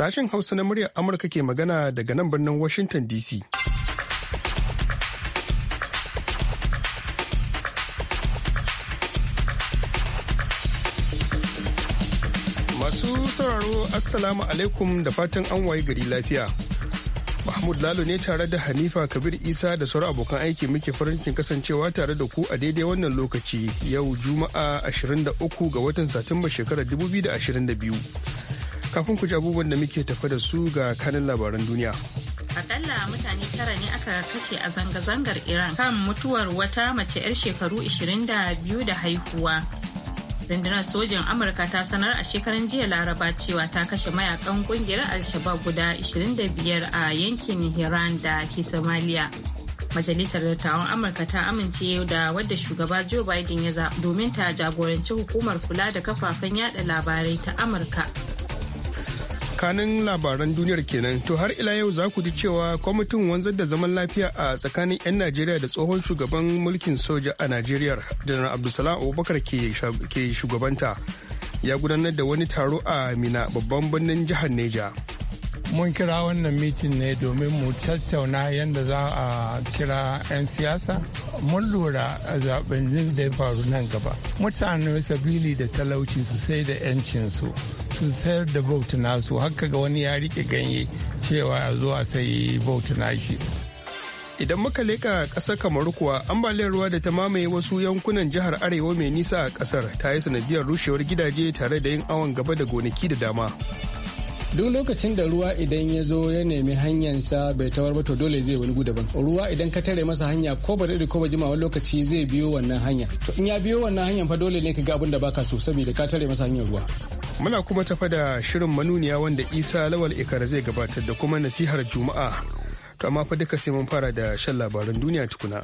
Sashen Hausa na muryar Amurka ke magana daga nan birnin Washington DC. Masu sauraro Assalamu alaikum da fatan an waye gari lafiya. Mahmud Lalo ne tare da Hanifa Kabir Isa da sauran abokan aiki muke farin cikin kasancewa tare da ku a daidai wannan lokaci yau Juma'a 23 ga watan Satumba shekarar 2022. kafin ku ji abubuwan da muke tafi da su ga kanin labaran duniya akalla mutane tara ne aka kashe a zanga-zangar iran kan mutuwar wata mace 'yar shekaru 22 da haihuwa rundunar sojin amurka ta sanar a shekarun jiya laraba cewa ta kashe mayakan kungiyar al-shabab guda 25 a yankin hiran da ke somalia majalisar dattawan amurka ta amince da wadda shugaba joe biden ya zaɓi domin ta jagoranci hukumar kula da kafafen yada labarai ta amurka tsakanin labaran duniyar kenan to har ila yau za ku ji cewa kwamitin wanzar da zaman lafiya a tsakanin 'yan najeriya da tsohon shugaban mulkin soja a najeriya janar abdulsalam abubakar ke shugabanta ya gudanar da wani taro a mina babban birnin jihar neja mun kira wannan mitin ne domin mu tattauna yadda za a kira 'yan siyasa mun lura a zaben da ya faru nan gaba mutane sabili da talauci su sai da 'yancinsu su sayar da vote nasu haka ga wani ya rike ganye cewa a zo a sayi nashi idan muka leka kasar kamar kuwa ambaliyar ruwa da ta mamaye wasu yankunan jihar arewa mai nisa a kasar ta yi sanadiyar rushewar gidaje tare da yin awon gaba da gonaki da dama duk lokacin da ruwa idan ya zo ya nemi hanyarsa bai tawar ba to dole zai wani daban ruwa idan ka tare masa hanya ko ba ko ba jima wani lokaci zai biyo wannan hanya to in ya biyo wannan hanya fa dole ne ka ga abin da baka so saboda ka tare masa hanyar ruwa muna kuma tafa da shirin manuniya wanda isa lawal ikara zai gabatar da kuma nasihar juma'a to amma fa duka sai mun fara da shan labaran duniya tukuna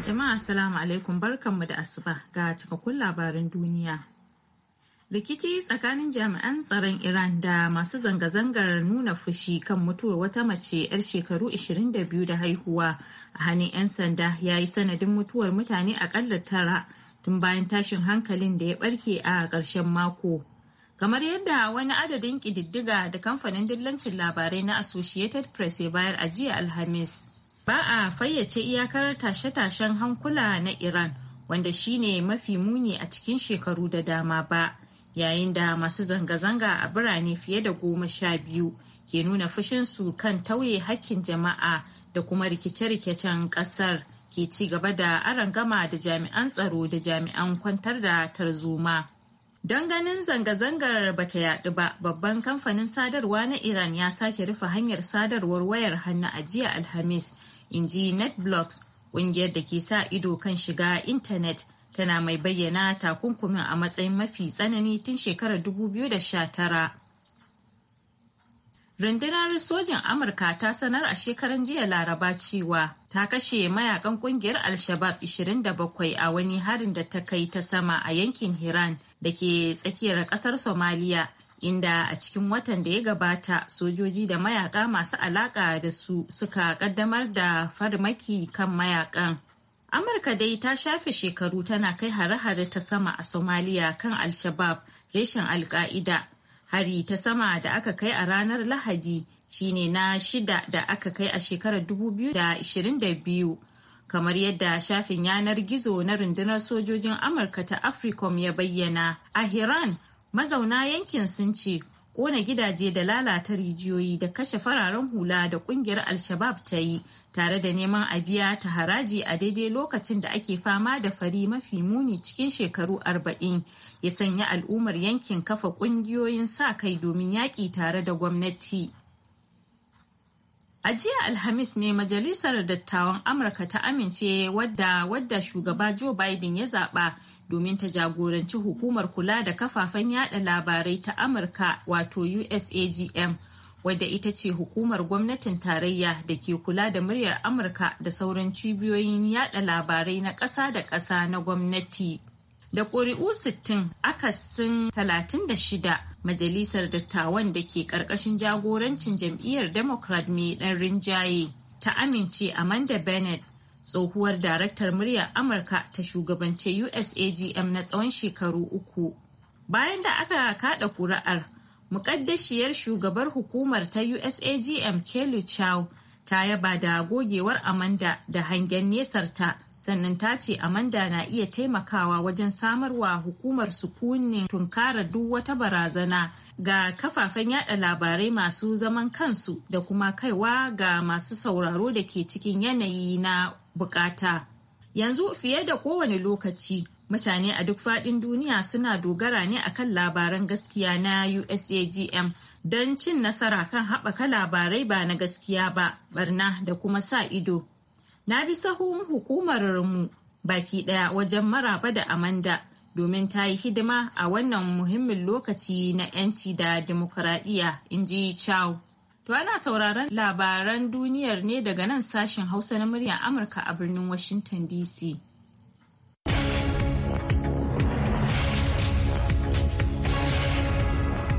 jama'a assalamu alaikum barkanmu da asuba ga cikakkun labaran duniya rikici tsakanin jami'an tsaron iran da masu zanga-zangar nuna fushi kan mutuwar wata mace 'yar shekaru 22 da haihuwa a hannun 'yan sanda ya yi sanadin mutuwar mutane akalla tara tun bayan tashin hankalin da ya barke a ƙarshen mako kamar yadda wani adadin ƙididdiga da kamfanin dillancin labarai na associated press ya bayar a jiya alhamis ba a fayyace iyakar tashe-tashen hankula na iran wanda shine mafi muni a cikin shekaru da dama ba yayin da masu zanga-zanga a birane fiye da goma sha biyu ke nuna fushinsu kan tauye hakkin jama'a da kuma rikice-rikicen ƙasar ke ci gaba da arangama da jami'an tsaro da jami'an kwantar da tarzoma. Don ganin zanga-zangar ba ta yaɗu ba, babban kamfanin sadarwa na Iran ya sake rufe hanyar sadarwar wayar hannu a jiya Alhamis, in ji NetBlocks, ƙungiyar da ke sa ido kan shiga intanet tana mai bayyana takunkumin a matsayin mafi tsanani tun shekarar 2019 rundunar sojin amurka ta sanar a shekaran jiya laraba cewa ta kashe mayakan kungiyar al-shabab 27 a wani harin da ta kai ta sama a yankin hiran da ke tsakiyar kasar somaliya inda a cikin watan da ya gabata sojoji da mayaka masu alaka da su suka kaddamar da farmaki kan mayakan Amurka dai ta shafe shekaru tana kai hare-hare ta sama a Somalia kan Al-Shabaab reshen Al-Qaida. Hari ta sama da aka kai a ranar Lahadi shine na shida da aka kai a shekarar 2022. Kamar yadda shafin yanar gizo na rundunar sojojin Amurka ta Africom ya bayyana, a Iran mazauna yankin sun ce ƙona gidaje da lalata rijiyoyi da kashe fararen hula da ƙungiyar Al-Shabaab ta yi tare da neman a biya ta haraji a daidai lokacin da ake fama da fari mafi muni cikin shekaru arba'in ya sanya al'ummar yankin kafa ƙungiyoyin sa kai domin yaƙi tare da gwamnati. A jiya Alhamis ne Majalisar Dattawan Amurka ta amince wadda wadda shugaba Joe Biden ya zaɓa domin ta jagoranci hukumar kula da kafafen yada labarai ta Amurka wato USAGM. wadda ita ce hukumar gwamnatin tarayya da ke kula da muryar amurka da sauran cibiyoyin yada labarai na ƙasa da ƙasa na gwamnati da ƙuri'u 60 akasin 36 majalisar dattawan da ke ƙarƙashin jagorancin jam'iyyar democrat mai ɗan rinjaye ta amince amanda bennett tsohuwar daraktar muryar amurka ta shugabance usagm na tsawon shekaru uku bayan da aka kada kuri'ar mukaddashiyar shugabar hukumar ta usagm kelly chow ta yaba da gogewar amanda da hangen nesarta sannan ta ce amanda na iya taimakawa wajen samarwa hukumar sukunin tunkara duk wata barazana ga kafafen yada labarai masu zaman kansu da kuma kaiwa ga masu sauraro da ke cikin yanayi na bukata yanzu fiye da kowane lokaci mutane a duk faɗin duniya suna dogara ne a kan labaran gaskiya na usagm don cin nasara kan haɓaka labarai ba na gaskiya ba barna da kuma sa ido na bi sahun hukumar mu baki ɗaya wajen maraba da amanda domin ta yi hidima a wannan muhimmin lokaci na 'yanci da dimokuraɗiyya in ji chow to ana sauraron labaran duniyar ne daga nan sashen hausa na muryar amurka a birnin washington dc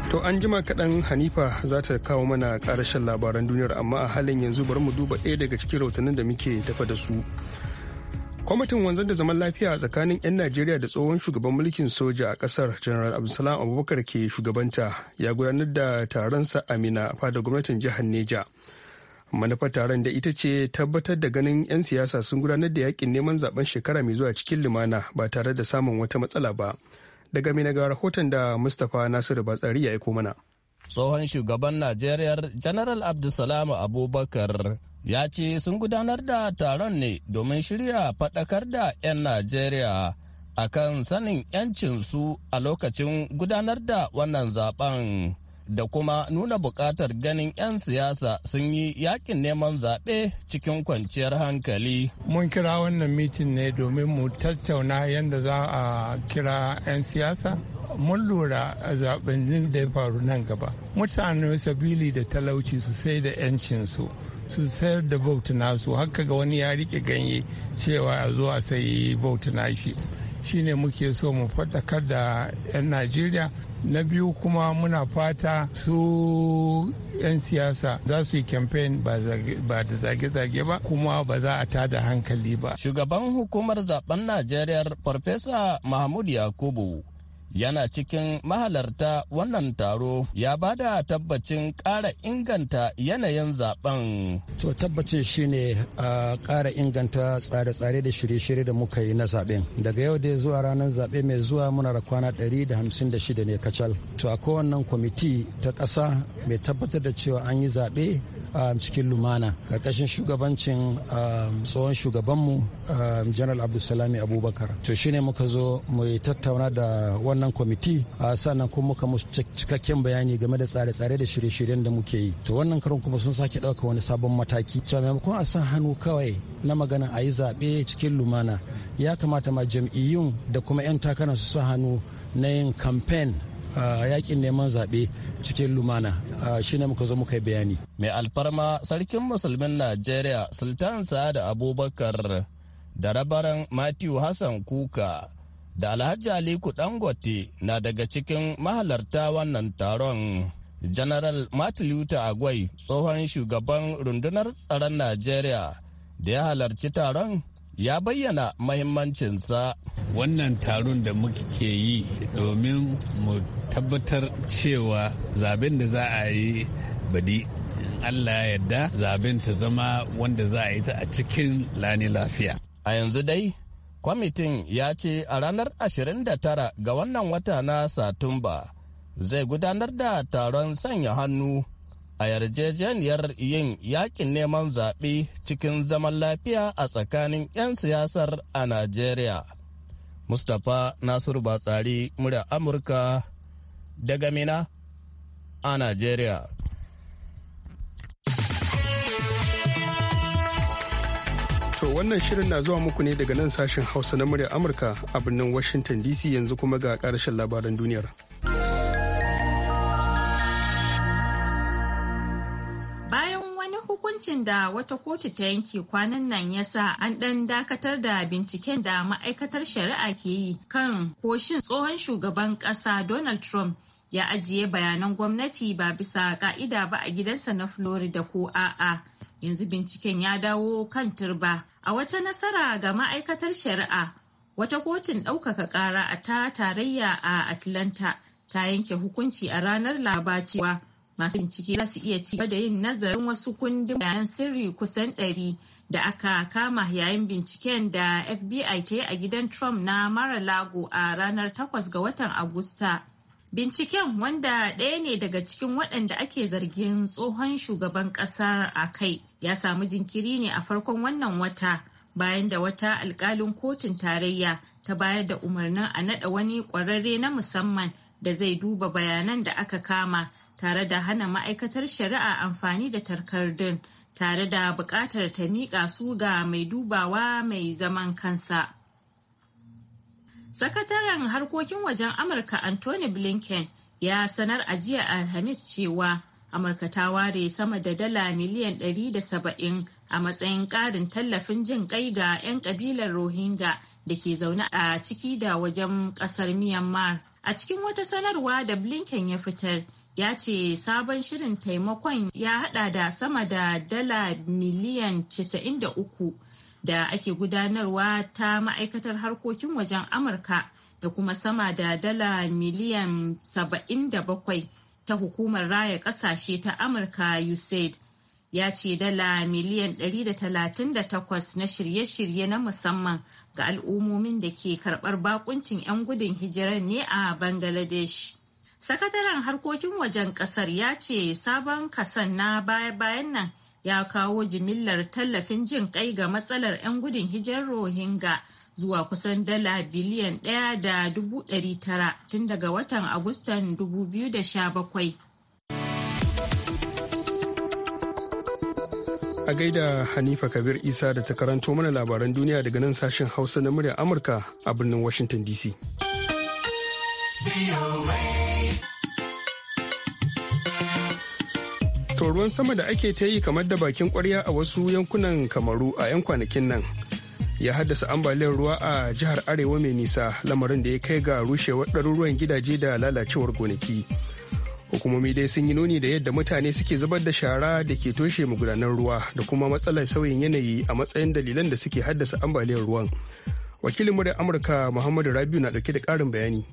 To an jima kaɗan Hanifa za ta kawo mana ƙarashen labaran duniyar amma a halin yanzu bari mu duba ɗaya daga cikin rahotannin da muke tafa da su. Kwamitin wanzar da zaman lafiya a tsakanin 'yan Najeriya da tsohon shugaban mulkin soja a ƙasar General Abdulsalam Abubakar ke shugabanta ya gudanar da taronsa Amina a fadar gwamnatin jihar Neja. Manufar taron da ita ce tabbatar da ganin 'yan siyasa sun gudanar da yakin neman zaben shekara mai zuwa cikin limana ba tare da samun wata matsala ba. daga mina ga rahoton da mustapha nasiru batsari ya aiko mana tsohon shugaban najeriya general abdulsalam abubakar ya ce sun gudanar da taron ne domin shirya faɗakar da 'yan najeriya akan sanin 'yancinsu a lokacin gudanar da wannan zaben da kuma nuna buƙatar ganin 'yan siyasa sun yi yakin neman zaɓe cikin kwanciyar hankali. Mun kira wannan mitin ne domin mu tattauna yadda za a kira 'yan siyasa. Mun lura a zaɓen da ya faru nan gaba. Mutane sabili da talauci su sai da 'yancinsu. su sayar da vote nasu haka ga wani ya rike ganye cewa a zo a sayi vote nashi shine muke so mu faɗakar da 'yan najeriya na biyu kuma muna fata su 'yan siyasa za su yi kamfen ba da zage-zage ba kuma ba za a tada hankali ba shugaban hukumar zaben najeriya farfesa mahmud yakubu yana cikin mahalarta wannan taro ya ba da tabbacin ƙara inganta yanayin zaben. To tabbacin ne a ƙara inganta tsare-tsare da shirye-shirye da muka yi na zaben. Daga yau dai zuwa ranar zaɓe mai zuwa muna da kwana 156 ne kacal. To a kowannan kwamiti ta ƙasa mai tabbatar da cewa an yi zaɓe Um, cikin lumana karkashin shugabancin um, tsohon shugabanmu um, general abdulsalami abubakar to shi ne muka zo mu tattauna da wannan kwamiti a uh, sannan kuma muka musu cikakken bayani game da tsare-tsare da shirye-shiryen da muke yi to wannan karon kuma sun sake ɗauka wani sabon mataki to maimakon a san hannu kawai na magana a yi zaɓe cikin lumana ya kamata ma jam'iyyun da kuma 'yan takarar su sa hannu na yin kamfen yakin neman zaɓe cikin lumana shi ne muka zo muka bayani. Mai alfarma sarkin musulmin Najeriya Sultan Sa'ad Abubakar da rabaran Matthew Hassan Kuka da Alhaji Aliku Dangote na daga cikin mahalarta wannan taron. General Martin Luther Agwai tsohon shugaban rundunar tsaron Najeriya da ya halarci taron ya bayyana mahimmancinsa. Wannan taron da muke yi domin mu tabbatar cewa zaben da za a yi badi Allah ya yarda zaben ta zama wanda za a yi ta a cikin lani lafiya. A yanzu dai, kwamitin ya ce a ranar 29 ga wannan wata na Satumba zai gudanar da taron sanya hannu a yarjejeniyar yin yakin neman zaɓe cikin zaman lafiya a tsakanin 'yan siyasar a Najeriya. Mustapha Nasiru Batsari murya Amurka daga Mina a Najeriya. To wannan shirin na zuwa muku ne daga nan sashen Hausa na murya Amurka a birnin Washington DC yanzu kuma ga ƙarshen labaran duniyar. Hukuncin da wata kotu ta yanke kwanan nan ya sa an ɗan dakatar da binciken da ma'aikatar shari'a ke yi kan koshin tsohon shugaban ƙasa Donald Trump ya ajiye bayanan gwamnati ba bisa ka'ida ba a gidansa na Florida ko a'a. Yanzu binciken ya dawo kan turba. A wata nasara ga ma'aikatar shari'a, wata kotun ɗaukaka ƙara a ta tarayya a Atlanta ta yanke hukunci a ranar labar cewa masu bincike za su iya ci da yin nazarin wasu kundin bayan sirri kusan ɗari da aka kama yayin binciken da FBI ta yi a gidan Trump na mara lago a ranar 8 ga watan Agusta. Binciken wanda ɗaya ne daga cikin waɗanda ake zargin tsohon shugaban ƙasar a kai ya samu jinkiri ne a farkon wannan wata bayan da wata alkalin kotun tarayya ta bayar da umarnin a naɗa wani ƙwararre na musamman da zai duba bayanan da aka kama tare da hana ma'aikatar shari'a amfani da takardun tare da buƙatar ta miƙa su ga mai dubawa mai zaman kansa. Sakataren harkokin wajen Amurka Anthony Blinken ya sanar a jiya Alhamis cewa Amurka ta ware sama da dala miliyan 170 a matsayin ƙarin tallafin jin ƙai ga 'yan ƙabilar Rohingya da ke zaune a ciki da wajen ƙasar Myanmar. A cikin wata sanarwa da Blinken ya fitar, ya ce sabon shirin taimakon ya hada da sama da dala miliyan 93 da ake gudanarwa ta ma'aikatar harkokin wajen amurka da kuma sama da dala miliyan 77 ta hukumar raya kasashe ta amurka usaid ya ce dala miliyan 138 na shirye-shirye na musamman ga al'ummomin da ke karbar bakuncin 'yan gudun hijirar ne a bangladesh sakataren harkokin wajen kasar ya ce sabon kasan na baya-bayan nan ya kawo jimillar tallafin jin kai ga matsalar 'yan gudun hijar rohingya zuwa kusan dala biliyan ɗaya da dubu tara tun daga watan agustan 2017 a gaida hanifa kabir isa da ta karanto mana labaran duniya daga nan sashen hausa na murya amurka a birnin washington dc wato ruwan sama da ake ta yi kamar da bakin kwarya a wasu yankunan kamaru a 'yan kwanakin nan ya haddasa ambaliyar ruwa a jihar arewa mai nisa lamarin da ya kai ga rushewar ɗaruruwan gidaje da lalacewar gonaki hukumomi dai sun yi nuni da yadda mutane suke zubar da shara da ke toshe magudanar ruwa da kuma matsalar sauyin yanayi a matsayin dalilan da suke haddasa ambaliyar ruwan wakilin muryar amurka muhammadu rabiu na ɗauke da ƙarin bayani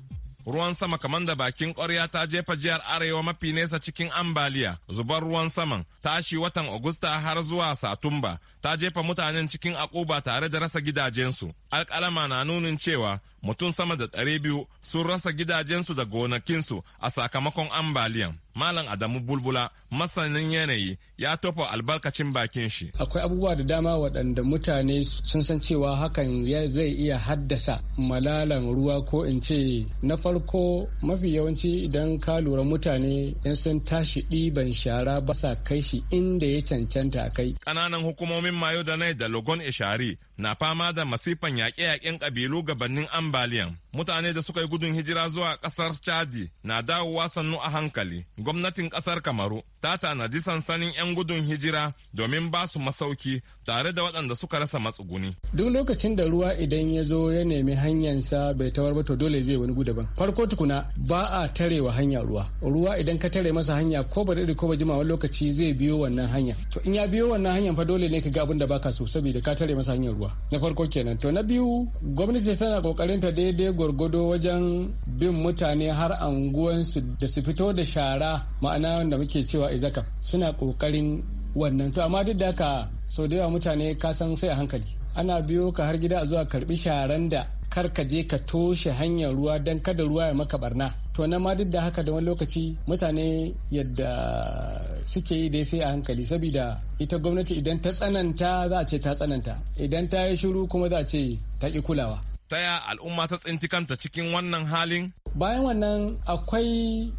ruwan sama kamar da bakin ƙwarya ta jefa jihar arewa mafi nesa cikin ambaliya zubar ruwan saman tashi watan agusta har zuwa satumba ta jefa mutanen cikin akuba tare da rasa gidajensu alƙalama na nunin cewa mutum sama da ɗari biyu sun rasa gidajensu da gonakinsu a sakamakon ambaliyan. Malam Adamu Bulbula masanin yanayi ya tofa albarkacin bakin shi. Akwai abubuwa da dama waɗanda mutane sun san cewa hakan zai iya haddasa malalan ruwa ko in ce na farko mafi yawanci idan ka lura mutane in sun tashi ɗiban shara ba sa kai shi inda ya cancanta kai. Ƙananan hukumomin Mayo da Nai da Logon Ishari na fama da masifan yaƙe-yaƙen ƙabilu gabanin ambaliyan mutane da suka yi gudun hijira zuwa kasar chadi na dawowa sannu a hankali gwamnatin kasar kamaru ta tanadi sansanin 'yan gudun hijira domin ba su masauki tare da waɗanda suka rasa matsuguni duk lokacin da ruwa idan ya zo ya nemi hanyarsa bai tawar ba to dole zai wani daban farko tukuna ba a tarewa hanya ruwa ruwa idan ka tare masa hanya ko ba daɗi ko ba jima wani lokaci zai biyo wannan hanya to in ya biyo wannan hanyar fa dole ne ka ga abin da baka so saboda ka tare masa hanyar ruwa na farko kenan to na biyu gwamnati tana kokarin ta daidai gwargwado wajen bin mutane har anguwansu da su fito da shara ma'ana wanda muke cewa izaka suna kokarin wannan to amma duk da haka sau da yawa mutane ka san sai a hankali ana biyo ka har gida zuwa karbi sharan da kar ka je ka toshe hanyar ruwa don kada ruwa ya maka barna to nan ma duk da haka da wani lokaci mutane yadda suke yi dai sai a hankali saboda ita gwamnati idan ta tsananta za a ce ta tsananta idan ta yi shiru kuma za a ce ta ƙi kulawa ta al'umma ta tsinci kanta cikin wannan halin? Bayan wannan akwai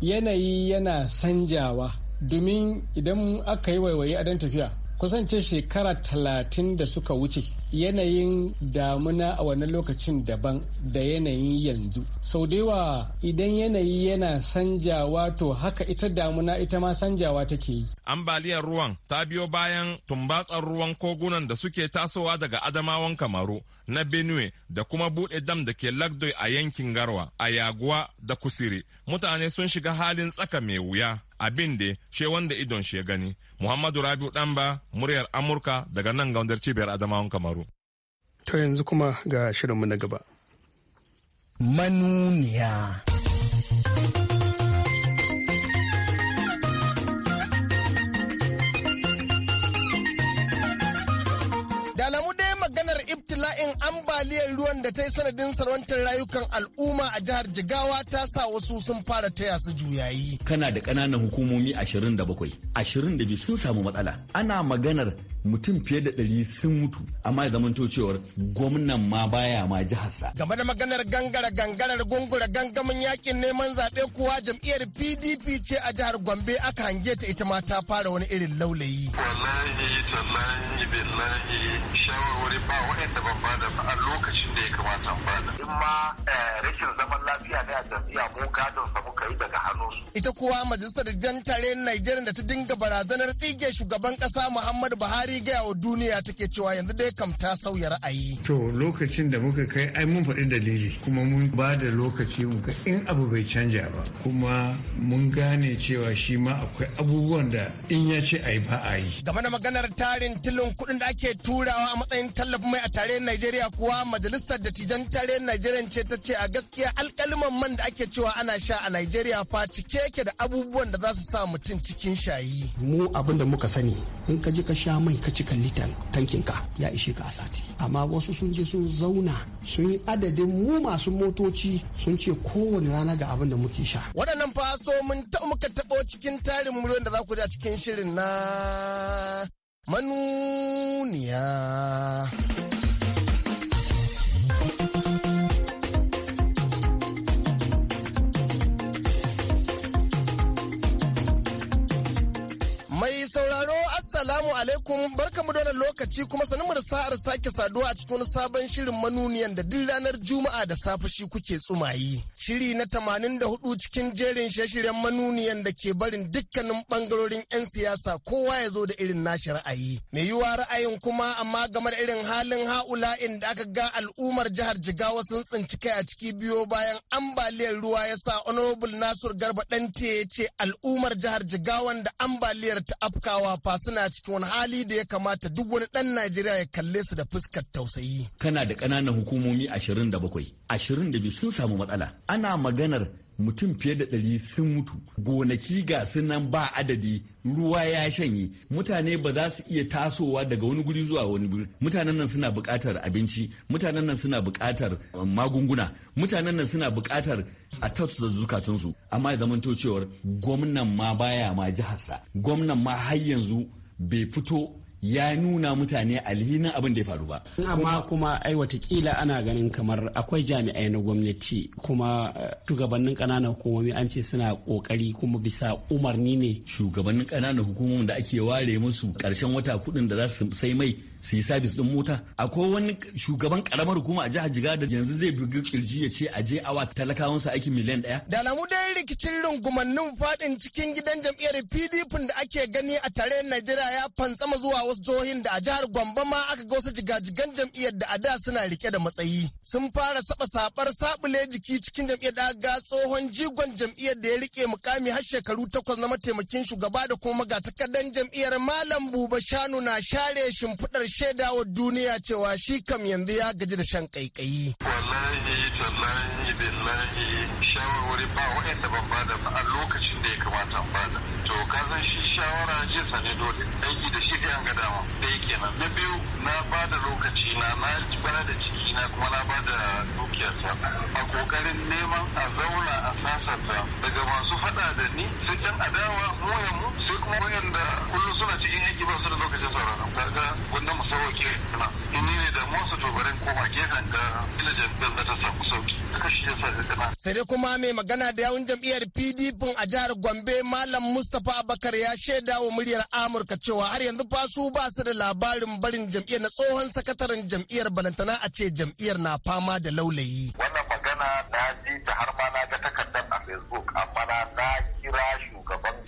yanayi yana sanjawa domin idan aka yi waiwaye a dan tafiya kusance shekara talatin da suka wuce yanayin damuna a wannan lokacin daban da yanayin yanzu sau da yawa idan yanayi yana sanjawa to haka ita damuna ita ma sanjawa take yi ambaliyar ruwan ta biyo bayan tumbatsar ruwan kogunan da suke tasowa daga adamawan kamaru na benue da kuma bude dam da ke lagdoi a yankin garwa a yaguwa da kusiri mutane sun shiga halin tsaka mai wuya abin da she wanda idon she gani muhammadu rabiu ɗanba muryar amurka daga nan gaundar cibiyar adamawan kamaru To yanzu kuma ga shirinmu na gaba. Manuniya. in ambaliyar ruwan da ta yi sanadin sarwantar rayukan al'umma a jihar Jigawa ta sa wasu sun fara taya su juyayi. Kana da ƙananan hukumomi 27, 22 sun samu matsala. Ana maganar mutum fiye da ɗari sun mutu, amma zamanto cewar gwamnan ma baya ma jiharsa. Game da maganar gangara gangarar gungura gangamin yakin neman zaɓe kuwa jam'iyyar PDP ce a jihar Gombe aka hange ta ita ma ta fara wani irin laulayi. Wallahi, tallahi, billahi, shawarwari ba waɗanda ban bada a lokacin da ya kamata bada. In ma eh, rashin zaman lafiya ne a jam'iyya mu gadon sa muka yi daga su. Ita kuwa majalisar jan tare Najeriya da ta dinga barazanar tsige shugaban kasa Muhammadu Buhari gaya wa duniya take cewa yanzu dai kam ta sauya ra'ayi. To lokacin da muka kai ai mun faɗi dalili kuma mun ba da lokaci muka in abu bai canja ba kuma mun gane cewa shi ma akwai abubuwan da in ya ce ai ba a yi. Game da maganar tarin tilin kuɗin da ake turawa a matsayin tallafi mai a tare tarayyar Najeriya kuwa majalisar dattijan tarayyar Najeriya ce ta ce a gaskiya alkaliman man da ake cewa ana sha a Najeriya fa cike yake da abubuwan da za su sa mutum cikin shayi. Mu abin da muka sani in ka ji ka sha mai ka cika litan tankin ka ya ishe ka a sati. Amma wasu sun je sun zauna sun yi adadin mu masu motoci sun ce kowane rana ga abin da muke sha. Waɗannan fa so mun ta muka taɓo cikin tarin miliyon da za ku ji cikin shirin na manuniya. alaikum barkamu da wannan lokaci kuma sanin mu da sa'ar sake saduwa a cikin wani sabon shirin manuniyan da duk ranar Juma'a da safe shi kuke tsumayi. Shiri na tamanin da hudu cikin jerin shirin manuniyan da ke barin dukkanin bangarorin 'yan siyasa kowa ya zo da irin nashi ra'ayi. Mai yiwuwa ra'ayin kuma amma gamar irin halin ha'ula da aka ga al'ummar jihar Jigawa sun tsinci kai a ciki biyo bayan ambaliyar ruwa ya sa Honorable Nasir Garba Dante ya ce al'ummar jihar Jigawan da ambaliyar ta afkawa fa suna cikin wani hali da ya kamata duk wani ɗan Najeriya ya kalle su da fuskar tausayi. Kana da ƙananan hukumomi 27, 22 sun samu matsala. Ana maganar mutum fiye da ɗari sun mutu gonaki ga sunan ba adadi ruwa ya shanye mutane ba za su iya tasowa daga wani guri zuwa wani guri mutanen nan suna buƙatar abinci mutanen nan suna buƙatar um, magunguna mutanen nan suna buƙatar a tattasa zukatunsu amma ya zamanto cewar gwamnan ma baya ma jiharsa gwamnan ma har yanzu bai fito ya nuna mutane alhinin abin da ya faru ba. Amma kuma ai watakila ana ganin kamar akwai jami'ai na gwamnati kuma eh, shugabannin ƙananan hukumomi an ce suna ƙoƙari kuma bisa umarni ne. Shugabannin ƙananan hukumomin da ake ware musu ƙarshen wata kuɗin da za su sai mai su sabis din mota akwai wani shugaban karamar hukuma a jihar Jigawa da yanzu zai bugi kirji ya ce aje awa talakawansa aiki miliyan ɗaya. Da alamu dai rikicin rungumannin fadin cikin gidan jam'iyyar PDP da ake gani a tare Najeriya ya fantsama zuwa wasu jihohin da a jihar Gombe ma aka ga wasu jigajigan jam'iyyar da a da suna rike da matsayi. Sun fara saba sabar sabule jiki cikin jam'iyyar da ga tsohon jigon jam'iyyar da ya rike mukami har shekaru takwas na mataimakin shugaba da kuma magatakardan jam'iyyar Malam Buba Shanu na share shimfiɗar shaida wa duniya cewa shi kam yanzu ya gaji da shan ƙaiƙayi. wallahi billahi shawarwari ba waɗanda ban bada ba a lokacin da ya kamata ba bada to ka san shi shawara jin ne dole aiki da shi an ga dama yake nan na biyu na bada lokaci na na bada da ciki na kuma na bada dukiyarsa a kokarin neman a zauna a sasanta daga masu faɗa da ni sai can adawa mu mu sai kuma da. kullum suna cikin aiki ba su da lokacin ka kaga wanda musawake na in ne da masu to barin koma gefen da ila jam'iyyar da ta samu sauki sai dai kuma mai magana da yawun jam'iyyar pdp a jihar gombe malam mustapha abakar ya shaida wa muryar amurka cewa har yanzu fa su ba su da labarin barin jam'iyyar na tsohon sakataren jam'iyyar balantana a ce jam'iyyar na fama da laulayi wannan magana na ji ta har ma na ga takardar a facebook amma na kira shugaban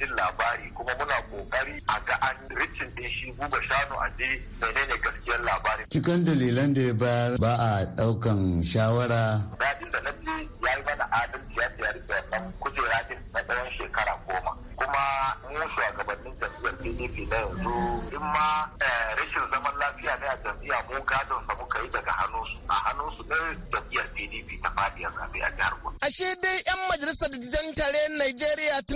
jin labari kuma muna kokari a ga an ricin din shi buga shanu a je menene gaskiyar labari. Cikin dalilan da ya bayar ba a ɗaukan shawara. Dajin da na ya yi mana adalci ya ce ya rike wannan kujera din na tsawon shekara goma. Kuma mu shugabannin jam'iyyar PDP na yanzu in ma eh, rashin zaman lafiya ne a jam'iyya mu gadon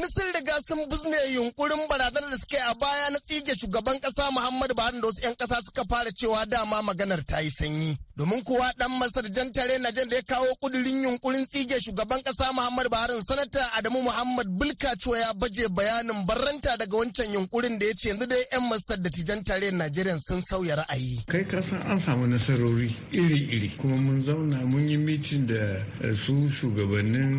tuni sun riga sun bizne yunkurin barazanar da suke a baya na tsige shugaban kasa Muhammadu Buhari da wasu 'yan kasa suka fara cewa dama maganar ta yi sanyi. Domin kuwa ɗan Masar jan na jan da ya kawo kudurin yunkurin tsige shugaban kasa Muhammadu Buhari sanata Adamu Muhammad Bulka cewa ya baje bayanin barranta daga wancan yunkurin da ya ce yanzu dai 'yan Masar da tijan tare Najeriya sun sauya ra'ayi. Kai ka san an samu nasarori iri-iri kuma mun zauna mun yi mitin da eh, su shugabannin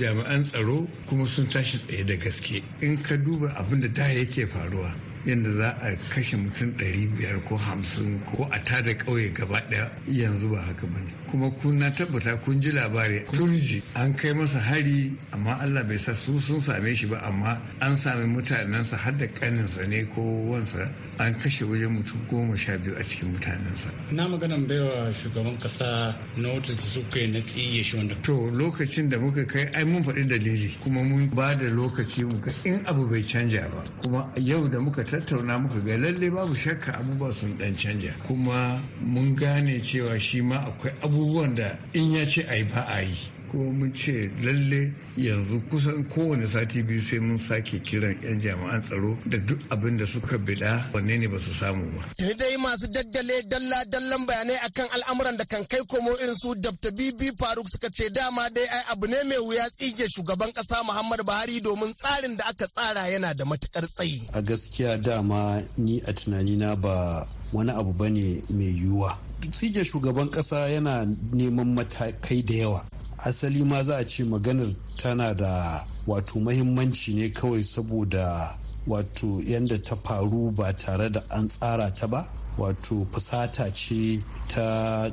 jami'an tsaro kuma sun tashi tashi tsaye da gaske in ka duba abin da da yake faruwa yadda za a kashe mutum ɗari biyar ko hamsin ko a tada ƙauye gaba ɗaya yanzu ba haka ba ne kuma kuna tabbata kun ji labari turji an kai masa hari amma allah bai sa su sun same shi ba amma an sami mutanensa har da ƙaninsa ne ko wansa an kashe wajen mutum goma sha biyu a cikin mutanensa na maganan baiwa shugaban kasa wata da suka yi na tsiye shi wanda to lokacin da muka kai ai mun faɗi dalili kuma mun ba da lokaci muka in abu bai canja ba kuma yau da muka tattauna muka ga lalle babu shakka abubuwa sun dan canja kuma mun gane cewa shi ma akwai abubuwan da in ya ce a yi ba a yi farko mun ce lalle yanzu kusan kowane sati biyu sai mun sake kiran 'yan jami'an tsaro da duk abin da suka bida wanne ne ba su samu ba. Tuni dai masu daddale dalla-dallan bayanai akan al'amuran da kan kai komo irin su Dabta Bibi Faruk suka ce dama dai ai abu ne mai wuya tsige shugaban kasa Muhammadu Buhari domin tsarin da aka tsara yana da matukar tsayi. A gaskiya dama ni a tunanina ba wani abu bane mai yiwuwa. Tsige shugaban kasa yana neman matakai da yawa asali ma za a ce maganar tana da wato mahimmanci ne kawai saboda wato yadda ta faru ba tare da an tsara ta ba wato fusata ce ta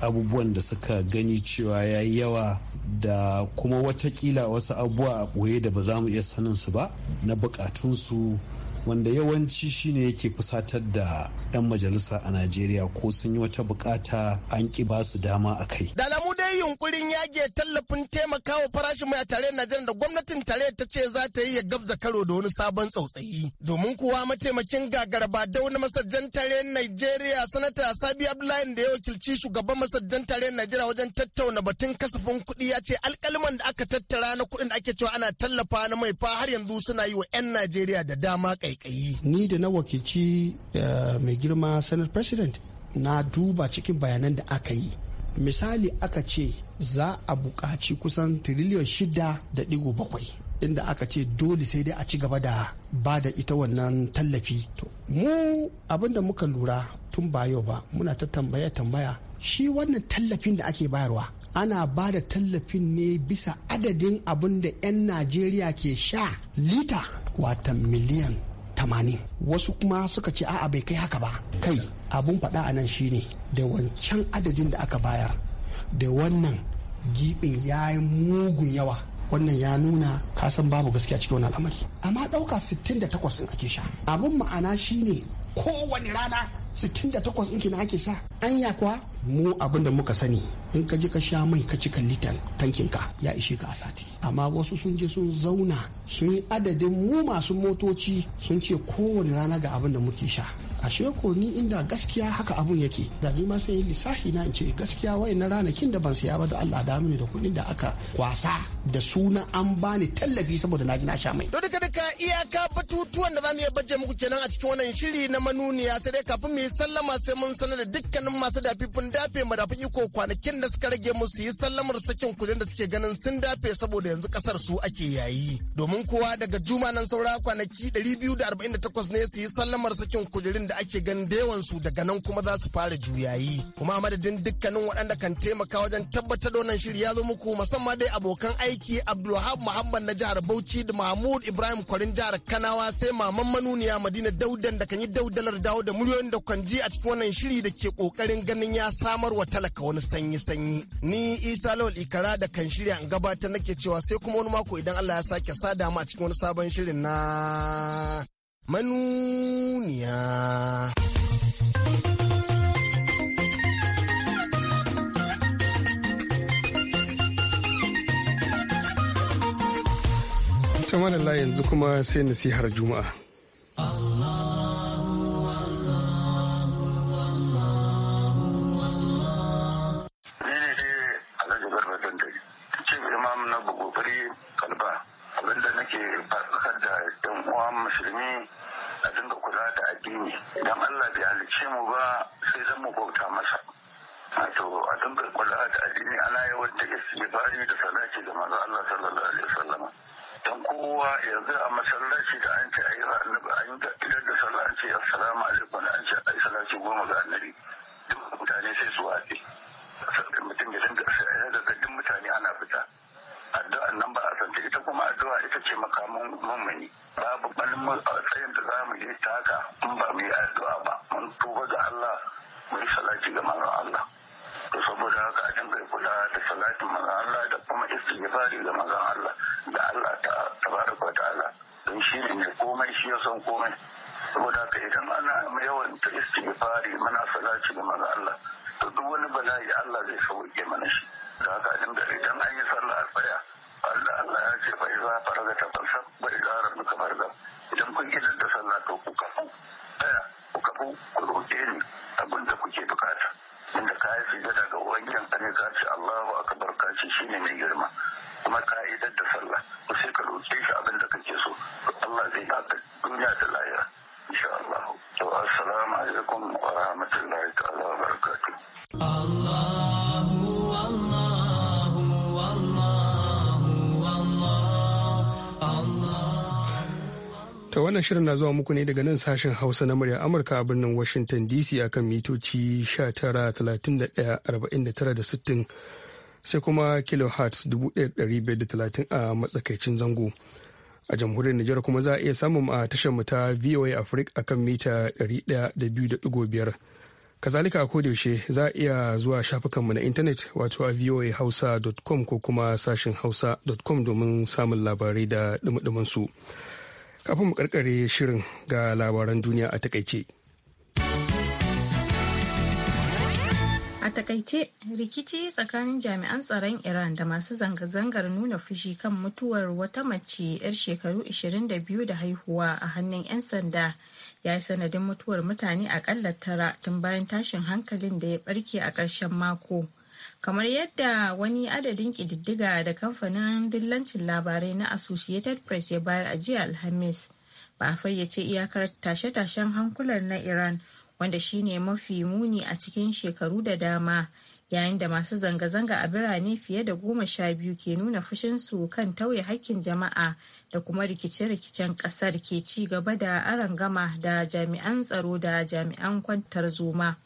abubuwan da suka gani cewa ya yi yawa da kuma watakila wasu abubuwa a ɓoye da ba za mu iya sanin su ba na bukatunsu wanda yawanci shine yake fusatar da 'yan majalisa a najeriya ko sun yi wata bukata an ki ba su dama a kai da yunkurin yage tallafin taimakawa farashin mai a tare Najeriya da gwamnatin tare ta ce za ta yi ya gabza karo da wani sabon tsautsayi. Domin kuwa mataimakin ba da wani masajjan tare Najeriya sanata Sabi Abdullahi da ya wakilci shugaban masajjan tare Najeriya wajen tattauna batun kasafin kuɗi ya ce alkaliman da aka tattara na kuɗin da ake cewa ana tallafa na mai fa har yanzu suna yi wa 'yan Najeriya da dama kaikayi. Ni da na wakilci eh, mai girma Senate President na duba cikin bayanan da aka yi misali aka ce za a buƙaci kusan tiriliyon shida da ɗigo bakwai inda aka ce dole sai dai a ci gaba da ba da ita wannan tallafi to mu abinda muka lura tun ba yau ba muna ta tambaya tambaya shi wannan tallafin da ake bayarwa ana ba da tallafin ne bisa adadin abin da 'yan najeriya ke sha lita watan miliyan tamanin wasu kuma suka ce a'a bai kai haka ba kai abun faɗa a nan shine da wancan adadin da aka bayar da wannan gibin ya yi mugun yawa wannan ya nuna kasan babu gaskiya cikin wani al'amari amma ɗauka 68 sun ake sha abun ma'ana shine kowane rana da sittin takwas ɗin kenan ake sha anya kuwa mu abin da muka sani in ka je ka sha mai ka cika litan ka ya ishe ka a sati amma wasu sun je sun zauna sun yi adadin mu masu motoci sun ce kowane rana ga abin da muke sha ashe ko ni inda gaskiya haka abun yake da ni ma sai lissafi na in ce gaskiya wai na ranakin da ban saya ba da Allah da mini da kudin da aka kwasa da suna an bani tallafi saboda na ji na sha mai to duka duka iyaka batutuwan da zamu iya baje muku kenan a cikin wannan shiri na manuniya sai dai kafin mu yi sallama sai mun sanar da dukkanin masu dafifin dafe madafin iko kwanakin da suka rage musu yi sallamar sakin kudin da suke ganin sun dafe saboda yanzu kasar su ake yayi domin kowa daga juma nan saura kwanaki 248 ne su yi sallamar sakin kujerin da wanda ake ganin da yawan su daga nan kuma za su fara juyayi kuma madadin dukkanin waɗanda kan taimaka wajen tabbatar da wannan shiri ya zo muku musamman dai abokan aiki Abdulwahab Muhammad na jihar Bauchi da Mahmud Ibrahim Kwarin jihar Kanawa sai maman manuniya Madina Daudan da kan yi daudalar dawo da miliyoyin da kan ji a cikin wannan shiri da ke kokarin ganin ya samar wa talaka wani sanyi sanyi ni Isa Lawal Ikara da kan shirya in gabatar nake cewa sai kuma wani mako idan Allah ya sake sada mu a cikin wani sabon shirin na manuniya. Tamanallah yanzu kuma sai nasihar Juma'a. Allah. fadukar da yan uwa musulmi a dinga kula da addini idan Allah bai halicce mu ba sai zan mu bauta masa wato a dinga kula da addini ana yawan da istighfari da salati da manzo Allah sallallahu alaihi wasallam dan kowa yanzu a masallaci da an ce ayi annabi an ga idan da salati assalamu alaikum an ce ayi salati goma ga annabi duk mutane sai su wace mutum ya dinga sai da dukkan mutane ana fita addu'a nan ba a san ta ita kuma addu'a ita ce makamin mummuni babu balmin tsayin da za mu yi ta haka in ba mu yi addu'a ba mun tuba ga Allah mu yi salati ga manzon Allah to saboda haka a dinga kula da salatin manzon Allah da kuma istighfari ga manzon Allah da Allah ta tabaraka ta'ala don shi ne komai shi ya san komai saboda haka idan ana yawan ta istighfari muna salati ga manzon Allah to duk wani bala'i Allah zai sauke mana shi tsakanin dare idan an yi sallah a tsaya Allah Allah ya ce bai za farga ta farsa bai za ra idan kun yi da sallah to ku kafu tsaya ku kafu ku roƙe ni abin da kuke bukata inda ka yi sujada ga ubangijin ka ne ka ce Allahu akbar ka ce shine mai girma kuma ka idar da sallah ku sai ka roƙe shi abin da kake so Allah zai baka duniya da lahira insha Allah to assalamu alaikum wa rahmatullahi ta'ala wa barakatuh Allah ta wannan shirin na zuwa muku ne daga nan sashen hausa na murya amurka a birnin washington dc akan mitoci 19,31,49 sai kuma kilohertz 1530 a matsakaicin zango a jamhuriyar nijar kuma za a iya samun a tashar mu ta voa africa akan mita 102.5 kazalika a kodiyoshe za a iya zuwa shafukanmu na intanet wato a voahausa.com ko kuma sashen hausa.com domin samun labarai da ɗumɗumansu. su kafin mu karkare shirin ga labaran duniya a takaice. A takaice rikici tsakanin jami'an tsaron Iran da masu zanga-zangar nuna fushi kan mutuwar wata mace 'yar shekaru 22 da haihuwa a hannun 'yan sanda ya yi sanadin mutuwar mutane akalla tara tun bayan tashin hankalin da ya barke a ƙarshen mako. kamar yadda wani adadin kididdiga da kamfanin dillancin labarai na associated press ya bayar a jiya alhamis ba fayyace iyakar tashe-tashen hankular na iran wanda shine mafi muni a cikin shekaru da dama yayin da masu zanga-zanga a birane fiye da goma sha biyu ke nuna fushinsu kan tauye hakkin jama'a da kuma rikice-rikicen kasar ke ci gaba da arangama da jami'an tsaro da jami'an kwantar zoma.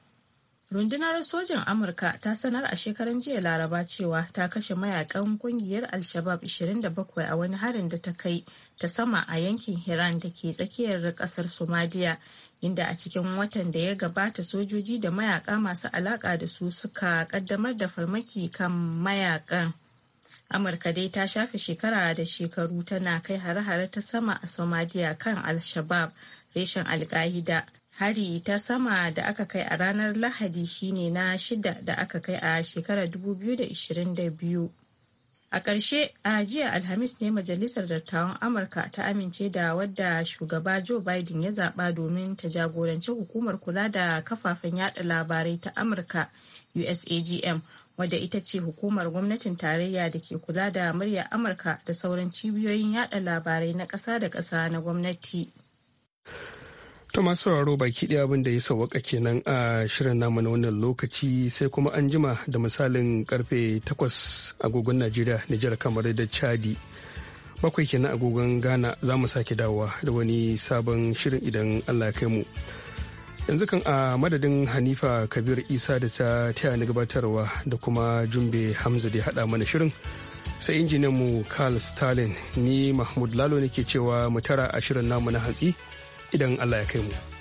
rundunar sojin amurka ta sanar a shekaran jiya laraba cewa ta kashe mayakan kungiyar al-shabab 27 a wani harin da ta kai ta sama a yankin hiran da ke tsakiyar kasar somalia inda a cikin watan da ya gabata sojoji da mayaka masu alaka da su suka kaddamar da farmaki kan mayakan amurka dai ta shafe shekara da shekaru tana kai hare-hare ta sama a somalia kan al-shabab reshen al-qaida hari ta sama da aka kai a ranar lahadi shine na shida da aka kai a shekarar 2022 a ƙarshe a jiya alhamis ne majalisar dattawan amurka ta amince da wadda shugaba joe biden ya zaɓa domin ta jagoranci hukumar kula da kafafen yada labarai ta amurka usagm wadda ita ce hukumar gwamnatin tarayya da ke kula da muryar amurka da sauran cibiyoyin yada labarai na ƙasa da ƙasa na gwamnati To masu sauraro baki ɗaya abin da ya sauwaka kenan a shirin namu na wannan lokaci sai kuma an jima da misalin karfe takwas agogon Najeriya Nijar kamar da Chadi. Bakwai kenan agogon Ghana za mu sake dawowa da wani sabon shirin idan Allah ya kai mu. Yanzu kan a madadin Hanifa Kabir Isa da ta taya ni gabatarwa da kuma Jumbe Hamza da haɗa mana shirin. Sai mu Carl Stalin ni Mahmud Lalo nake cewa mu tara a shirin namu na hantsi. idan Allah ya kai mu.